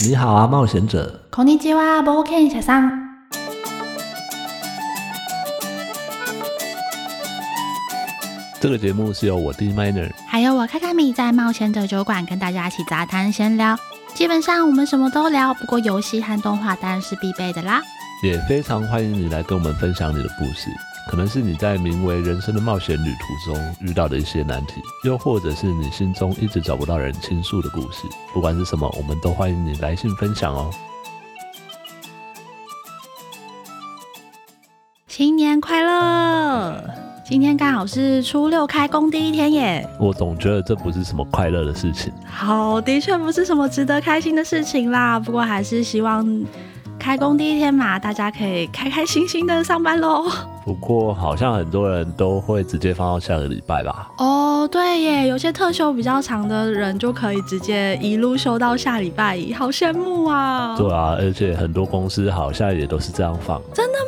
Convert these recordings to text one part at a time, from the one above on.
你好啊，冒險者。こんにちは、冒険者さん。這個節目是由我弟 Minor，還有我卡卡米在冒險者酒館跟大家一起雜談閒聊。基本上我們什麼都聊，不過遊戲和動畫當然是必備的啦。也非常歡迎你來跟我們分享你的故事。可能是你在名為人生的冒險旅途中遇到的一些難題，又或者是你心中一直找不到人傾訴的故事。不管是什麼，我們都歡迎你來信分享哦。新年快樂！今天剛好是初六開工第一天耶。我總覺得這不是什麼快樂的事情。好，的確不是什麼值得開心的事情啦，不過還是希望。開工第一天嘛，大家可以開開心心的上班嘍。不過好像很多人都會直接放到下個禮拜吧？哦，oh, 對耶，有些特休比較長的人就可以直接一路休到下禮拜一，好羨慕啊！對啊，而且很多公司好像也都是這樣放，真的嗎？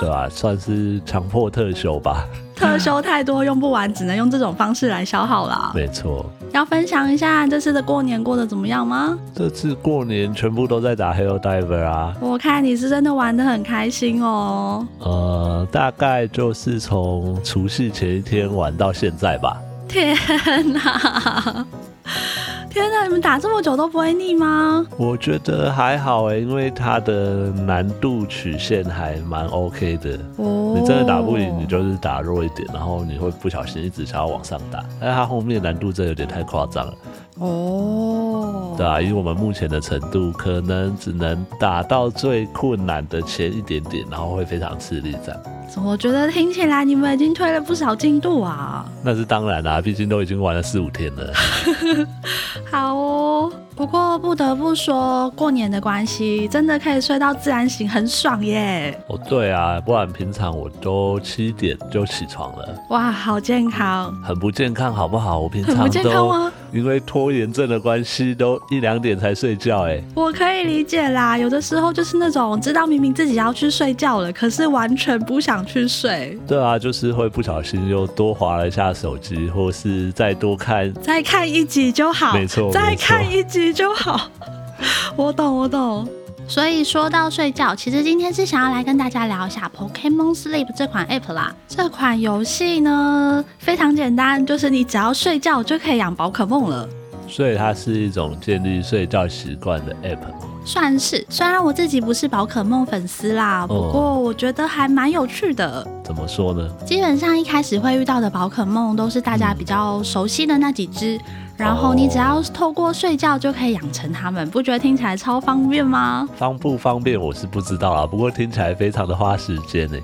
對啊，算是強迫特休吧。特休太多用不完，只能用這種方式來消耗啦。沒錯錯。要分享一下這次的過年過得怎麼樣嗎？這次過年全部都在打《Helldivers》啊。我看你是真的玩得很開心哦。呃，大概就是從除夕前一天玩到現在吧。天哪、啊！ 天哪！你們打這麼久都不會膩嗎？我覺得還好哎、欸，因為它的難度曲線還蠻 OK 的。哦。你真的打不贏，你就是打弱一點，然後你會不小心一直想要往上打，但它後面難度真的有點太誇張了。哦。對啊，以我們目前的程度，可能只能打到最困難的前一點點，然後會非常吃力這樣。我覺得聽起來你們已經推了不少進度啊。那是當然啦，畢竟都已經玩了四五天了。 好哦，不過不得不說過年的關係，真的可以睡到自然醒，很爽耶。哦，對啊，不然平常我都七點就起床了。哇，好健康。很不健康，好不好？我平常都很不健康嗎？因為拖延症的關係，都一兩點才睡覺。哎、欸，我可以理解啦。有的時候就是那種知道明明自己要去睡覺了，可是完全不想去睡。對啊，就是會不小心又多滑了一下手機，或是再多看，再看一集就好，沒錯，再看一集就好。 我懂，我懂，我懂。所以說到睡覺，其實今天是想要來跟大家聊一下《Pokémon Sleep》這款 App 啦。這款遊戲呢，非常簡單，就是你只要睡覺就可以養寶可夢了。所以它是一種建立睡覺習慣的 App？算是，雖然我自己不是寶可夢粉絲啦，嗯、不過我覺得還蠻有趣的。怎麼說呢？基本上一開始會遇到的寶可夢都是大家比較熟悉的那幾隻，嗯、然後你只要透過睡覺就可以養成它們，不覺得聽起來超方便嗎？方不方便我是不知道啦，不過聽起來非常的花時間呢、欸。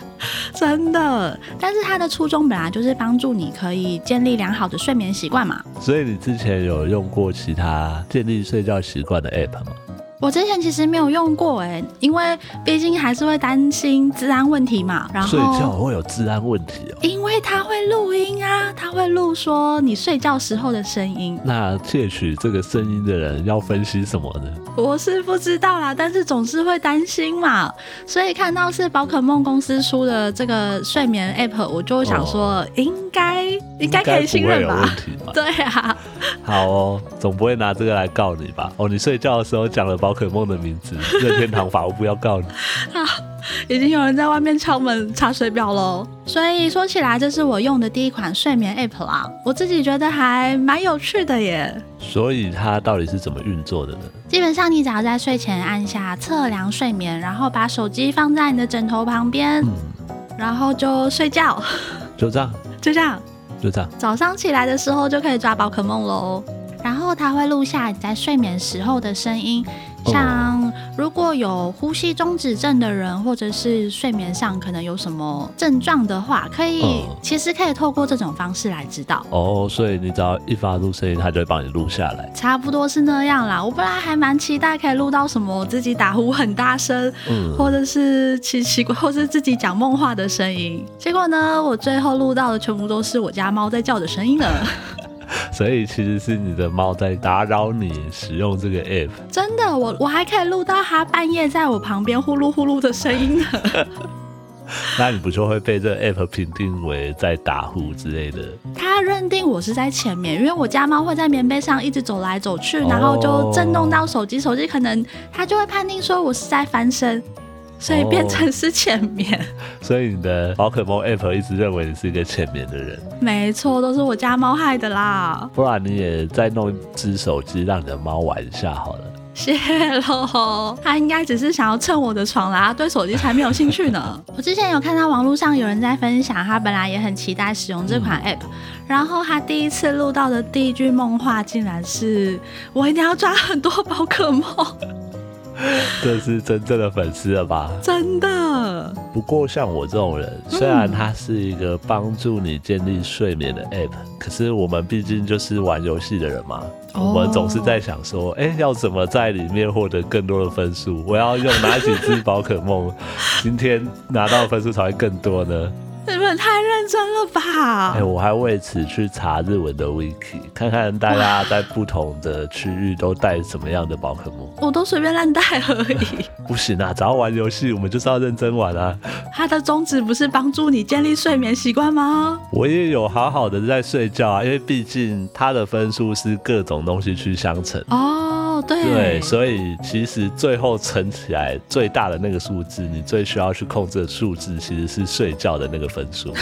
真的，但是它的初衷本來就是幫助你可以建立良好的睡眠習慣嘛。所以你之前有用過其他建立睡覺習慣的 App 嗎？我之前其實沒有用過哎、欸，因為畢竟還是會擔心資安問題嘛。然後睡覺會有治安問題哦、喔。因為他會錄音啊，他會錄說你睡覺時候的聲音。那竊取這個聲音的人要分析什麼呢？我是不知道啦，但是總是會擔心嘛。所以看到是寶可夢公司出的這個睡眠 App，我就想說、哦、應該應該可以信任吧？對啊， 好哦，總不會拿這個來告你吧？哦、oh,，你睡覺的時候講了。寶可夢的名字，任天堂法務部要告你 啊！已經有人在外面敲門查水表嘍。所以說起來，這是我用的第一款睡眠 App 啦、啊，我自己覺得還蠻有趣的耶。所以它到底是怎麼運作的呢？基本上，你只要在睡前按下測量睡眠，然後把手機放在你的枕頭旁邊，嗯、然後就睡覺，就這樣，就這樣，就這樣。早上起來的時候就可以抓寶可夢嘍。然後它會錄下你在睡眠時候的聲音。像如果有呼吸中止症的人，或者是睡眠上可能有什麼症狀的話，可以、嗯、其實可以透過這種方式來知道。哦，所以你只要一發出聲音，它就會幫你錄下來。差不多是那樣啦。我本來還蠻期待可以錄到什麼我自己打呼很大聲，嗯、或者是奇奇怪或是自己講夢話的聲音。結果呢，我最後錄到的全部都是我家貓在叫的聲音了。 所以其實是你的貓在打擾你使用這個 app。真的，我我還可以錄到它半夜在我旁邊呼嚕呼嚕的聲音呢。 那你不就會被這個 app 評定為在打呼之類的？它認定我是在前面，因為我家貓會在棉被上一直走來走去，然後就震動到手機，手機可能它就會判定說我是在翻身。所以變成是淺眠，哦、所以你的寶可夢 App 一直認為你是一個淺眠的人。沒錯，都是我家貓害的啦！不然你也再弄一只手機讓你的貓玩一下好了。謝嘍，他應該只是想要蹭我的床啦，對手機才沒有興趣呢。 我之前有看到網絡上有人在分享，他本來也很期待使用這款 App，、嗯、然後他第一次錄到的第一句夢話竟然是：我一定要抓很多寶可夢。這是真正的粉絲了吧？真的。不過像我這種人，雖然它是一個幫助你建立睡眠的 app，、嗯、可是我們畢竟就是玩遊戲的人嘛，我們總是在想說，哎、哦欸，要怎麼在裡面獲得更多的分數？我要用哪幾只寶可夢， 今天拿到的分數才會更多呢？你們太真的吧？哎、欸，我還為此去查日文的 wiki，看看大家在不同的區域都帶什麼樣的寶可夢。我都隨便亂帶而已。 不行啊，只要玩遊戲，我們就是要認真玩啊。它的宗旨不是幫助你建立睡眠習慣嗎？我也有好好的在睡覺啊，因為畢竟它的分數是各種東西去相乘哦。Oh. 對，對，所以其實最後乘起來最大的那個數字，你最需要去控制的數字，其實是睡覺的那個分數。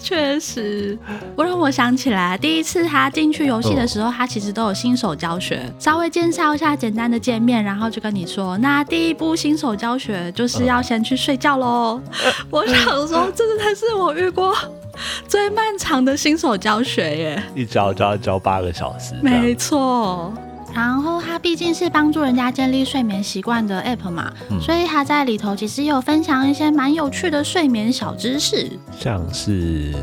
確實，我讓我想起來，第一次他進去遊戲的時候，他其實都有新手教學，稍微介紹一下簡單的界面，然後就跟你說，那第一步新手教學就是要先去睡覺嘍。嗯，呃、我想說，這個才是我遇過最漫長的新手教學耶！一教就要教八個小時，沒錯。然後它畢竟是幫助人家建立睡眠習慣的 app 嘛，嗯、所以它在裡頭其實也有分享一些蠻有趣的睡眠小知識，像是，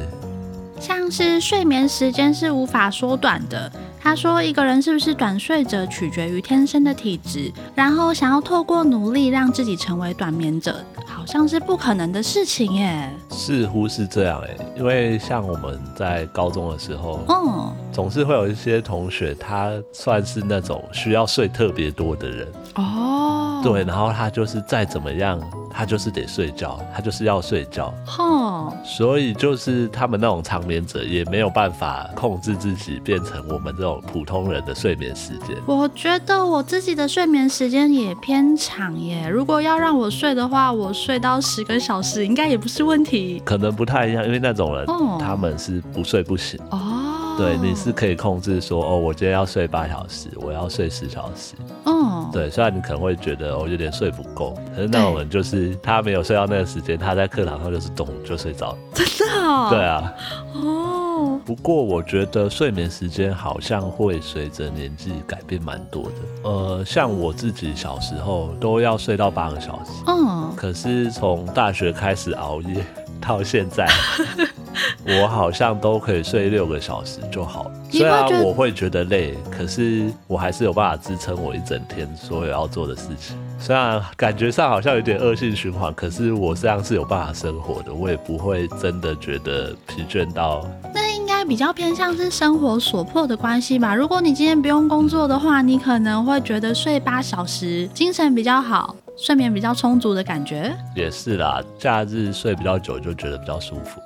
像是睡眠時間是無法縮短的。他說：“一個人是不是短睡者，取決於天生的體質。然後想要透過努力讓自己成為短眠者，好像是不可能的事情耶。似乎是這樣哎、欸，因為像我們在高中的時候，嗯，Oh. 總是會有一些同學，他算是那種需要睡特別多的人哦。Oh. 對，然後他就是再怎麼樣，他就是得睡覺，他就是要睡覺。” Oh. 所以就是他們那種長眠者也沒有辦法控制自己變成我們這種普通人的睡眠時間。我覺得我自己的睡眠時間也偏長耶，如果要讓我睡的話，我睡到十個小時應該也不是問題。可能不太一樣，因為那種人，oh. 他們是不睡不醒。哦。Oh. 對，你是可以控制說，哦，我今天要睡八小時，我要睡十小時。哦、嗯，對，雖然你可能會覺得我、哦、有點睡不夠，可是那我們就是對他沒有睡到那個時間，他在課堂上就是咚，就睡着了。真的、哦？對啊。哦。Oh. 不過我覺得睡眠時間好像會隨着年紀改變蠻多的。呃，像我自己小時候都要睡到八個小時。嗯。可是從大學開始熬夜到現在。 我好像都可以睡六個小時就好了，雖然我會覺得累，可是我還是有辦法支撐我一整天所有要做的事情。雖然感覺上好像有點惡性循環，可是我這樣是有辦法生活的，我也不會真的覺得疲倦到。那應該比較偏向是生活所迫的關係吧？如果你今天不用工作的話，你可能會覺得睡八小時精神比較好，睡眠比較充足的感覺。也是啦，假日睡比較久就覺得比較舒服。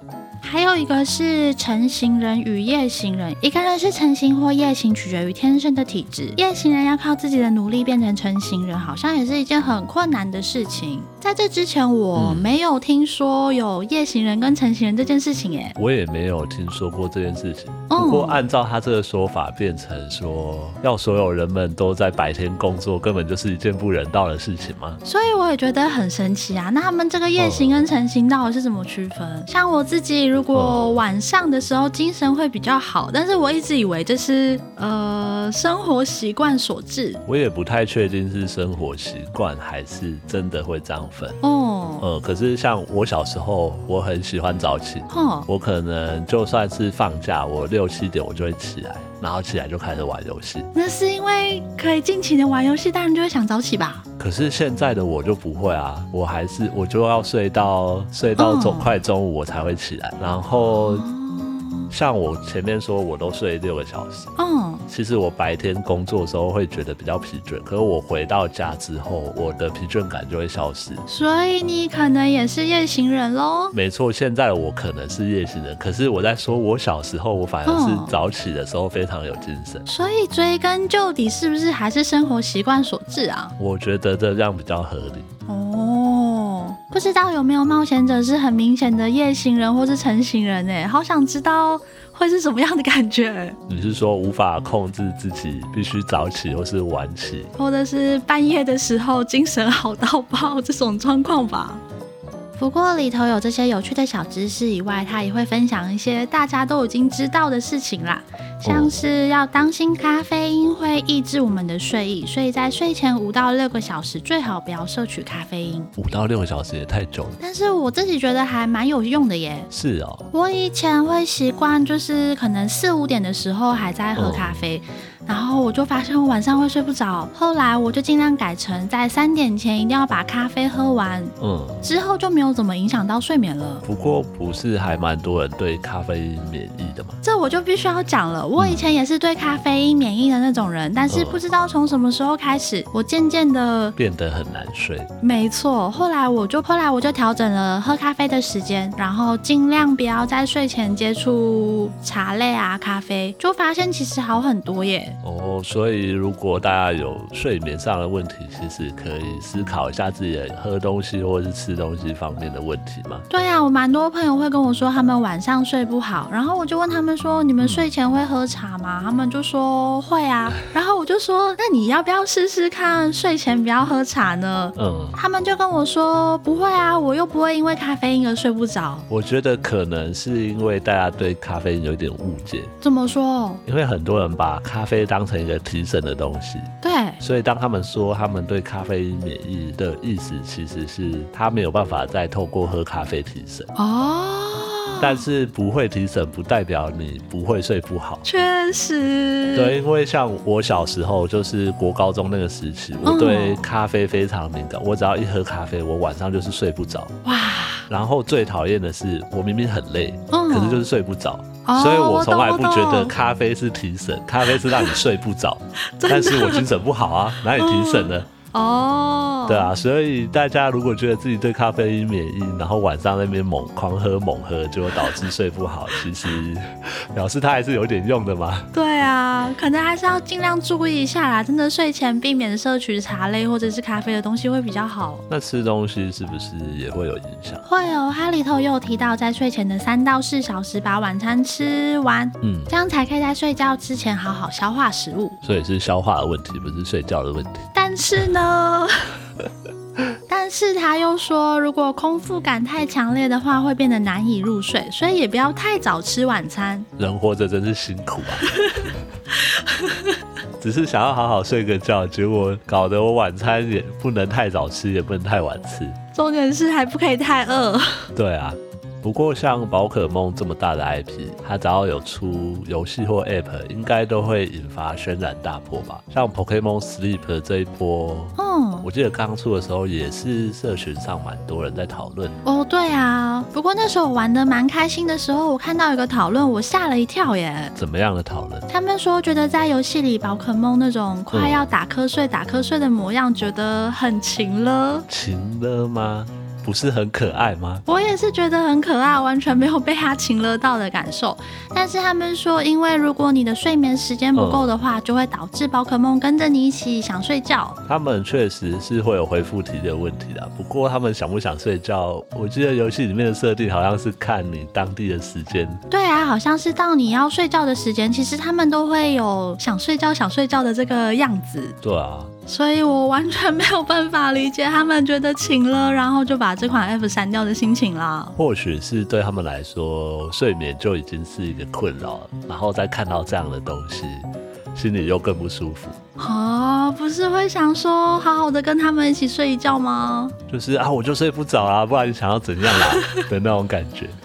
還有一個是晨型人與夜行人，一個人是晨型或夜行，取決於天生的體質。夜行人要靠自己的努力變成，成晨型人，好像也是一件很困難的事情。在這之前，我沒有聽說有夜行人跟晨型人這件事情、欸，耶、嗯，我也沒有聽說過這件事情。不過按照他這個說法，變成說要所有人們都在白天工作，根本就是一件不人道的事情嗎？所以我也覺得很神奇啊。那他們這個夜行跟晨型到底是怎麼區分？嗯、像我自己。如果晚上的時候精神會比較好，嗯、但是我一直以為這是呃生活習慣所致。我也不太確定是生活習慣還是真的會漲粉。哦、嗯，呃、嗯，可是像我小時候，我很喜歡早起。哦、嗯，我可能就算是放假，我六七點我就會起來，然後起來就開始玩遊戲。那是因為可以盡情的玩遊戲，當然就會想早起吧。可是現在的我就不會啊，我還是我就要睡到睡到中快中午我才會起來。然後，像我前面說，我都睡六個小時。嗯，其實我白天工作的時候會覺得比較疲倦，可是我回到家之後，我的疲倦感就會消失。所以你可能也是夜行人嘍？沒錯，現在我可能是夜行人，可是我在說，我小時候我反而是早起的時候非常有精神。嗯，所以追根究底，是不是還是生活習慣所致啊？我覺得這樣比較合理。哦。不知道有沒有冒險者是很明顯的夜行人或是晨行人誒、欸，好想知道會是什麼樣的感覺。你是說無法控制自己必須早起或是晚起，或者是半夜的時候精神好到爆這種狀況吧？不過裡頭有這些有趣的小知識以外，他也會分享一些大家都已經知道的事情啦，像是要當心咖啡因會抑制我們的睡意，所以在睡前五到六個小時最好不要攝取咖啡因。五到六個小時也太久了，但是我自己覺得還蠻有用的耶。是哦，我以前會習慣，就是可能四五點的時候還在喝咖啡。嗯然後我就發現我晚上會睡不着，後來我就儘量改成在三點前一定要把咖啡喝完，嗯，之後就沒有怎麼影響到睡眠了。不過不是還蠻多人對咖啡因免疫的嗎？這我就必須要講了，我以前也是對咖啡因免疫的那種人，嗯、但是不知道從什麼時候開始，我漸漸的、嗯、變得很難睡。沒錯，後來我就後來我就調整了喝咖啡的時間，然後儘量不要在睡前接觸茶類啊咖啡，就發現其實好很多耶。哦，所以如果大家有睡眠上的問題，其實可以思考一下自己的喝東西或是吃東西方面的問題嗎？對啊，我蠻多朋友會跟我說他們晚上睡不好，然後我就問他們說：你們睡前會喝茶嗎？嗯、他們就說會啊，然後我就說：那你要不要試試看睡前不要喝茶呢？嗯， 他們就跟我說：不會啊，我又不會因為咖啡因而睡不着。我覺得可能是因為大家對咖啡因有點誤解。怎麼說？因為很多人把咖啡被當成一個提神的東西，對。所以當他們說他們對咖啡免疫的意思，其實是他沒有辦法再透過喝咖啡提神哦。但是不會提神不代表你不會睡不好，確實。對，因為像我小時候就是國高中那個時期，我對咖啡非常敏感。我只要一喝咖啡，我晚上就是睡不着。哇。然後最討厭的是，我明明很累，可是就是睡不着。所以我從來不覺得咖啡是提神，哦、咖啡是讓你睡不着。 的但是我精神不好啊，哪裡提神了？哦。對啊，所以大家如果覺得自己對咖啡因免疫，然後晚上那邊猛狂喝猛喝，就會導致睡不好，其實表示它還是有點用的嘛。對啊，可能還是要盡量注意一下啦。真的睡前避免攝取茶類或者是咖啡的東西會比較好。那吃東西是不是也會有影響？會哦，他裡頭又提到在睡前的三到四小時把晚餐吃完，嗯，這樣才可以，在睡覺之前好好消化食物。所以是消化的問題，不是睡覺的問題。但是呢， 但是他又說，如果空腹感太強烈的話，會變得難以入睡，所以也不要太早吃晚餐。人活着真是辛苦啊， 只是想要好好睡個覺，結果搞得我晚餐也不能太早吃，也不能太晚吃，重點是還不可以太餓。 對啊。不過像寶可夢這麼大的 IP，它只要有出遊戲或 App，應該都會引發軒然大波吧？像 Pokémon Sleep 這一波，嗯，我記得剛出的時候也是社群上蠻多人在討論。哦，對啊，不過那時候玩得蠻開心的時候，我看到一個討論，我嚇了一跳耶！怎麼樣的討論？他們說覺得在遊戲裡寶可夢那種快要打瞌睡、打瞌睡的模樣，嗯、覺得很情勒。情勒嗎？不是很可愛嗎？我也是覺得很可愛，完全沒有被他情樂到的感受。但是他們說，因為如果你的睡眠時間不夠的話，嗯，就會導致寶可夢跟着你一起想睡覺。他們確實是會有恢復體力的問題的。不過他們想不想睡覺？我記得遊戲裡面的設定好像是看你當地的時間。對啊，好像是到你要睡覺的時間，其實他們都會有想睡覺、想睡覺的這個樣子。對啊。所以我完全沒有辦法理解他們覺得晴了，然後就把這款 APP 刪掉的心情啦。或許是對他們來說，睡眠就已經是一個困擾，然後再看到這樣的東西，心裡又更不舒服啊、哦！不是會想說，好好的跟他們一起睡一覺嗎？就是啊，我就睡不着啊，不然你想要怎樣啦、啊？的那種感覺。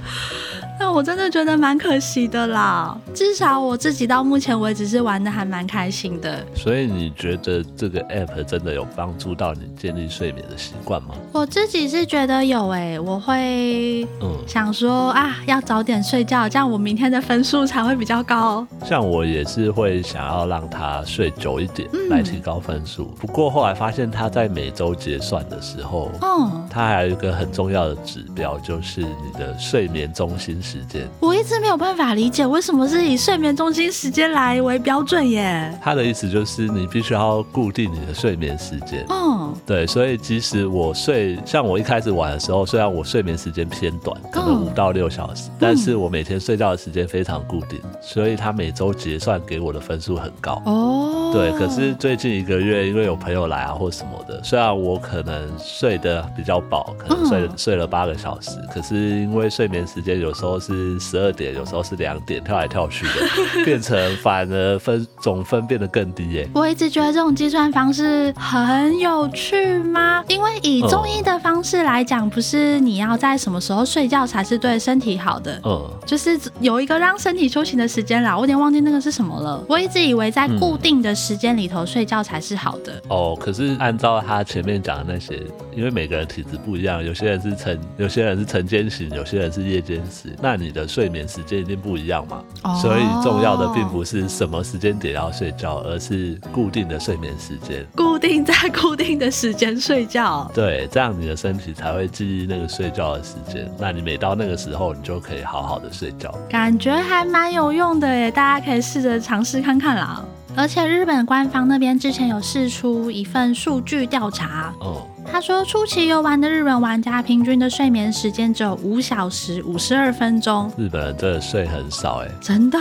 我真的覺得蠻可惜的啦，至少我自己到目前為止是玩的還蠻開心的。所以你覺得這個 app 真的有幫助到你建立睡眠的習慣嗎？我自己是覺得有誒、欸，我會嗯想說嗯啊，要早點睡覺，這樣我明天的分數才會比較高。像我也是會想要讓他睡久一點來提高分數，嗯、不過後來發現他在每周結算的時候，哦、嗯，他還有一個很重要的指標，就是你的睡眠中心時間。我一直沒有辦法理解為什麼是以睡眠中心時間來為標準耶？他的意思就是你必須要固定你的睡眠時間。嗯，對，所以即使我睡，像我一開始玩的時候，雖然我睡眠時間偏短，可能五到六小時，嗯、但是我每天睡覺的時間非常固定，嗯、所以他每周結算給我的分數很高。哦，對。可是最近一個月，因為有朋友來啊或什麼的，雖然我可能睡得比較飽，可能睡睡了八個小時，嗯、可是因為睡眠時間有時候是。是十二點，有時候是兩點，跳來跳去的，變成反而分 總分變得更低、欸。哎，我一直覺得這種計算方式很有趣嗎？因為以中醫的方式來講，嗯、不是你要在什麼時候睡覺才是對身體好的？嗯，就是有一個讓身體休息的時間啦。我有點忘記那個是什麼了。我一直以為在固定的時間裡頭睡覺才是好的、嗯。哦，可是按照他前面講的那些，因為每個人體質不一樣，有些人是晨，有些人是晨間型，有些人是夜間型，那你你的睡眠時間一定不一樣嘛，哦，所以重要的並不是什麼時間點要睡覺，而是固定的睡眠時間，固定在固定的時間睡覺。對，這樣你的身體才會記憶那個睡覺的時間。那你每到那個時候，你就可以好好的睡覺，感覺還蠻有用的耶。大家可以試着嘗試看看啦。而且日本官方那邊之前有釋出一份數據調查。嗯他說，初期遊玩的日本玩家平均的睡眠時間只有五小時五十二分鐘。日本人真的睡很少哎、欸，真的。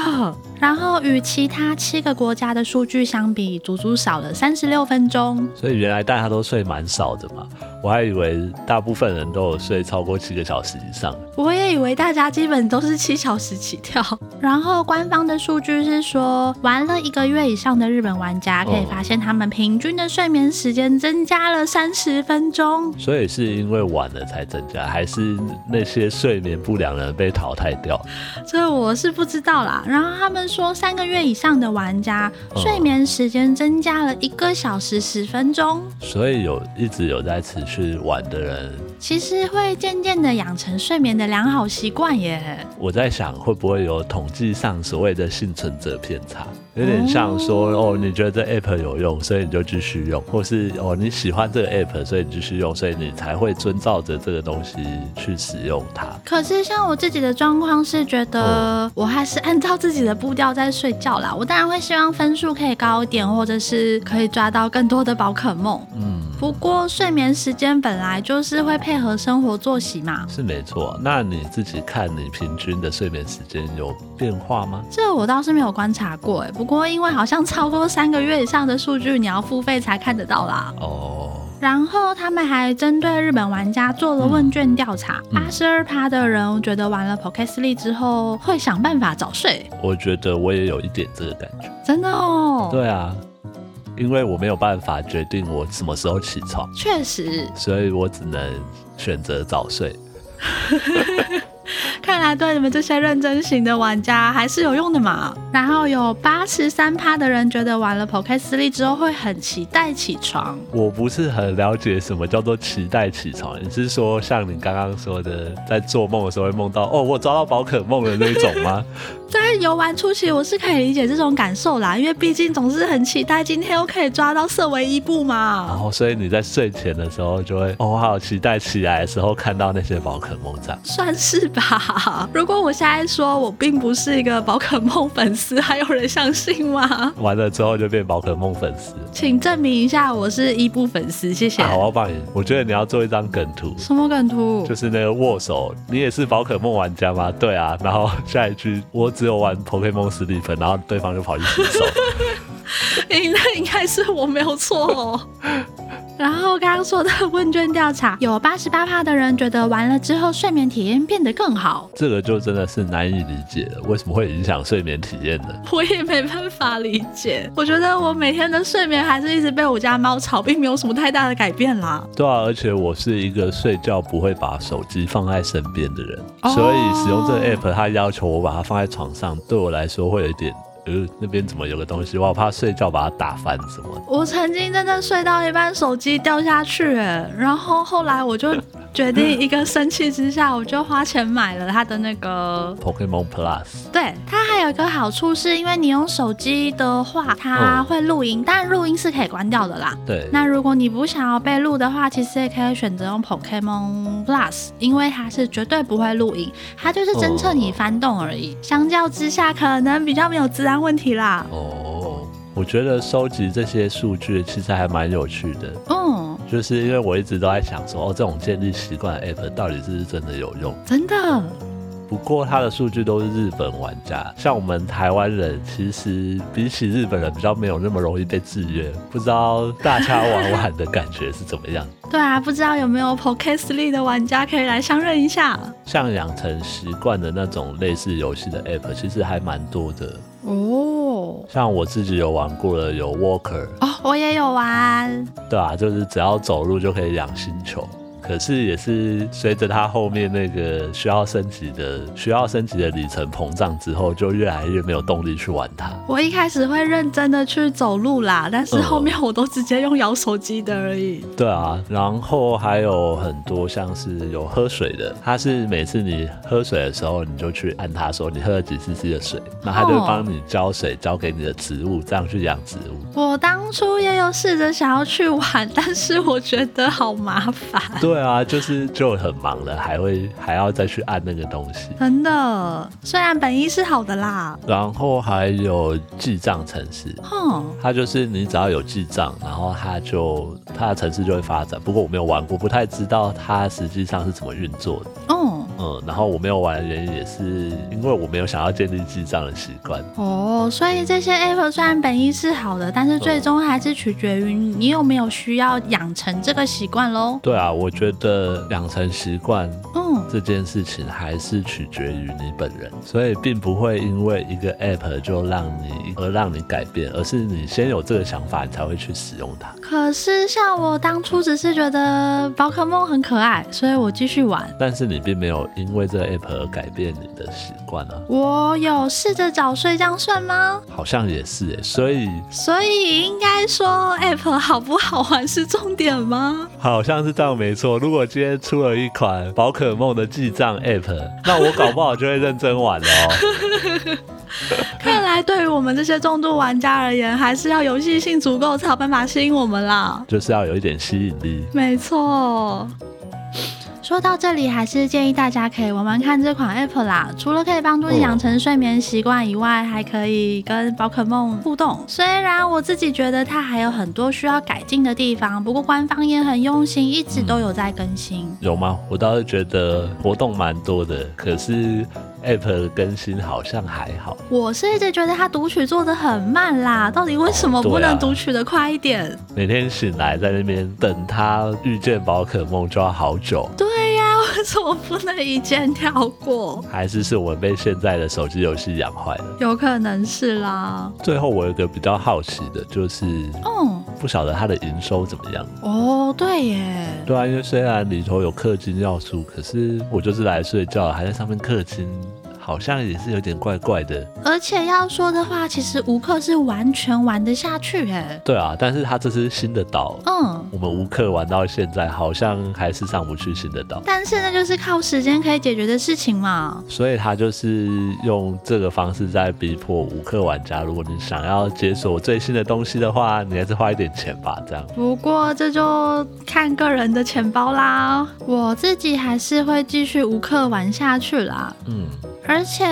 然後與其他七個國家的數據相比，足足少了三十六分鐘。所以原來大家都睡蠻少的嘛，我還以為大部分人都有睡超過七個小時以上。我也以為大家基本都是七小時起跳。然後官方的數據是說，玩了一個月以上的日本玩家，可以發現他們平均的睡眠時間增加了三十分。分鐘，所以是因為晚了才增加，還是那些睡眠不良人被淘汰掉？所以我是不知道啦。然後他們說，三個月以上的玩家睡眠時間增加了一個小時十分鐘，嗯，所以有一直有在持續玩的人，其實會漸漸的養成睡眠的良好習慣耶。我在想會不會有統計上所謂的幸存者偏差，有點像說哦，你覺得這 app 有用，所以你就繼續用，或是哦，你喜歡這個 app 所以。繼續用，所以你才會遵照着這個東西去使用它。可是像我自己的狀況是，覺得我還是按照自己的步調在睡覺啦。哦、我當然會希望分數可以高一點，或者是可以抓到更多的寶可夢。嗯，不過睡眠時間本來就是會配合生活作息嘛。是沒錯。那你自己看你平均的睡眠時間有變化嗎？這我倒是沒有觀察過、欸。不過因為好像超過三個月以上的數據，你要付費才看得到啦。哦。然後他們還針對日本玩家做了問卷調查，八十二趴的人覺得玩了 Pokémon Sleep 之後會想辦法早睡。我覺得我也有一點這個感覺，真的哦。對啊，因為我沒有辦法決定我什麼時候起床，確實，所以我只能選擇早睡。 看來對你們這些認真型的玩家還是有用的嘛。然後有八十三趴的人覺得玩了 Poké Sleep 之後會很期待起床。我不是很了解什麼叫做期待起床，你是說像你剛剛說的，在做夢的時候會夢到哦，我抓到寶可夢的那種嗎？ 在遊玩初期我是可以理解這種感受啦，因為畢竟總是很期待今天又可以抓到色違伊布嘛。然後所以你在睡前的時候就會哦，好期待起來的時候看到那些寶可夢這樣。算是吧。啊、如果我現在說我並不是一個寶可夢粉絲，還有人相信嗎？完了之後就變寶可夢粉絲，請證明一下我是伊布粉絲，謝謝。啊、好，我幫你。我覺得你要做一張梗圖，什麼梗圖？就是那個握手，你也是寶可夢玩家嗎？對啊。然後下一句，我只有玩寶可夢史蒂芬，然後對方就跑一起走。 你那應該是我沒有錯哦。 然後剛剛說的問卷調查，有八十八趴的人覺得玩了之後睡眠體驗變得更好，這個就真的是難以理解了，為什麼會影響睡眠體驗呢？我也沒辦法理解。我覺得我每天的睡眠還是一直被我家貓吵，並沒有什麼太大的改變啦。對啊，而且我是一個睡覺不會把手機放在身邊的人，所以使用這個 app，它要求我把它放在床上，對我來說會有點。呃、嗯，那邊怎麼有個東西？我怕睡覺把它打翻，什麼？我曾經真的睡到一半，手機掉下去，哎，然後後來我就決定，一個生氣之下， 我就花錢買了它的那個 Pokemon Plus。對，它還有一個好處是，因為你用手機的話，它會錄音，Oh. 但錄音是可以關掉的啦。對。那如果你不想要被錄的話，其實也可以選擇用 Pokemon Plus，因為它是絕對不會錄音，它就是偵測你翻動而已。Oh. 相較之下，可能比較沒有自然問題啦哦，oh, oh, oh, oh. 我覺得收集這些數據其實還蠻有趣的，嗯，就是因為我一直都在想說，哦，這種建立習慣 app 到底是不是真的有用？真的。不過它的數據都是日本玩家，像我們台灣人，其實比起日本人比較沒有那麼容易被制約，不知道大家玩玩的感覺是怎麼樣？ 對啊，不知道有沒有 Pokémon Sleep 的玩家可以來相認一下。像養成習慣的那種類似遊戲的 app，其實還蠻多的。哦，像我自己有玩過的，有 Walker，哦，oh, 我也有玩，對啊，就是只要走路就可以養星球。可是也是隨着它後面那個需要升級的需要升級的里程膨脹之後，就越來越沒有動力去玩它。我一開始會認真的去走路啦，但是後面我都直接用搖手機的而已，嗯。對啊，然後還有很多像是有喝水的，它是每次你喝水的時候，你就去按它，說你喝了幾 cc 的水，哦，那它就幫你澆水，澆給你的植物，這樣去養植物。我當初也有試着想要去玩，但是我覺得好麻煩。對。 對啊，就是就很忙了，還會還要再去按那個東西。真的，雖然本意是好的啦。然後還有記賬城市，它就是你只要有記賬，然後它就它的城市就會發展。不過我沒有玩過，不太知道它實際上是怎麼運作的。嗯。嗯，然後我沒有玩的原因也是因為我沒有想要建立記賬的習慣哦，所以這些 app 雖然本意是好的，但是最終還是取決於你有沒有需要養成這個習慣嘍。對啊，我覺得養成習慣，嗯，這件事情還是取決於你本人，嗯。所以並不會因為一個 app 就讓你而讓你改變，而是你先有這個想法，你才會去使用它。可是像我當初只是覺得寶可夢很可愛，所以我繼續玩，但是你並沒有。因為這個 app 而改變你的習慣啊？我有試着早睡覺算嗎？好像也是耶、欸。所以所以應該說 app 好不好玩是重點嗎？好像是這樣沒錯。如果今天出了一款寶可夢的記賬 app，那我搞不好就會認真玩了、喔。 看來對於我們這些重度玩家而言，還是要遊戲性足夠才有辦法吸引我們啦。就是要有一點吸引力，沒錯。說到這裡，還是建議大家可以玩玩看這款 App 啦。除了可以幫助你養成睡眠習慣以外，嗯、還可以跟寶可夢互動。雖然我自己覺得它還有很多需要改進的地方，不過官方也很用心，一直都有在更新。有嗎？我倒是覺得活動蠻多的，可是…… app 的更新好像還好，我是一直覺得它讀取做的很慢啦，到底為什麼不能讀取的快一點，哦啊？每天醒來在那邊等它遇見寶可夢就要好久。對呀、啊，為什麼不能一鍵跳過？還是是我被現在的手機遊戲養壞了？有可能是啦。最後我有個比較好奇的就是，嗯，不曉得它的營收怎麼樣？哦、嗯，對耶，對啊，因為雖然裡頭有氪金要素，可是我就是來睡覺，還在上面氪金。好像也是有點怪怪的，而且要說的話，其實無氪是完全玩得下去哎、欸。對啊，但是他這是新的島，嗯，我們無氪玩到現在，好像還是上不去新的島。但是那就是靠時間可以解決的事情嘛。所以他就是用這個方式在逼迫無氪玩家，如果你想要解鎖最新的東西的話，你還是花一點錢吧。這樣，不過這就看個人的錢包啦。我自己還是會繼續無課玩下去啦。嗯。而且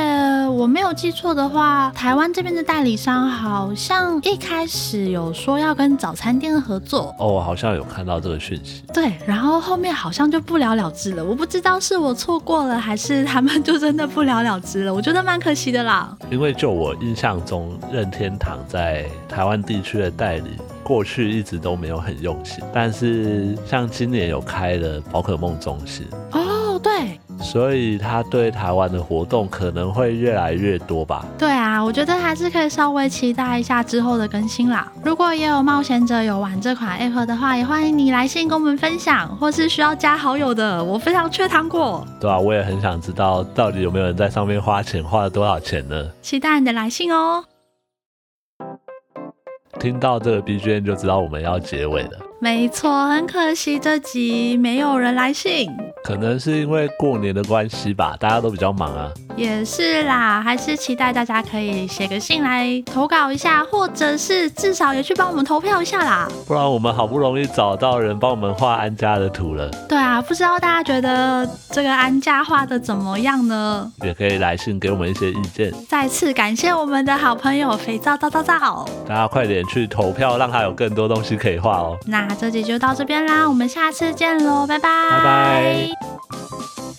我沒有記錯的話，台灣這邊的代理商好像一開始有說要跟早餐店合作哦，我好像有看到這個訊息。對，然後後面好像就不了了之了，我不知道是我錯過了，還是他們就真的不了了之了。我覺得蠻可惜的啦，因為就我印象中，任天堂在台灣地區的代理過去一直都沒有很用心，但是像今年有開了寶可夢中心哦。所以他對台灣的活動可能會越來越多吧？對啊，我覺得還是可以稍微期待一下之後的更新啦。如果也有冒險者有玩這款 app 的話，也歡迎你來信跟我們分享，或是需要加好友的，我非常缺糖果。對啊，我也很想知道到底有沒有人在上面花錢，花了多少錢呢？期待你的來信哦。聽到這個 BGM 就知道我們要結尾了。沒錯，很可惜這集沒有人來信。可能是因為過年的關係吧，大家都比較忙啊。也是啦，還是期待大家可以寫個信來投稿一下，或者是至少也去幫我們投票一下啦。不然我們好不容易找到人幫我們畫安家的圖了。對啊，不知道大家覺得這個安家畫得怎麼樣呢？也可以來信給我們一些意見。再次感謝我們的好朋友肥皂皂皂皂，大家快點去投票，讓他有更多東西可以畫哦。那這集就到這邊啦，我們下次見嘍，拜拜。拜拜。拜拜。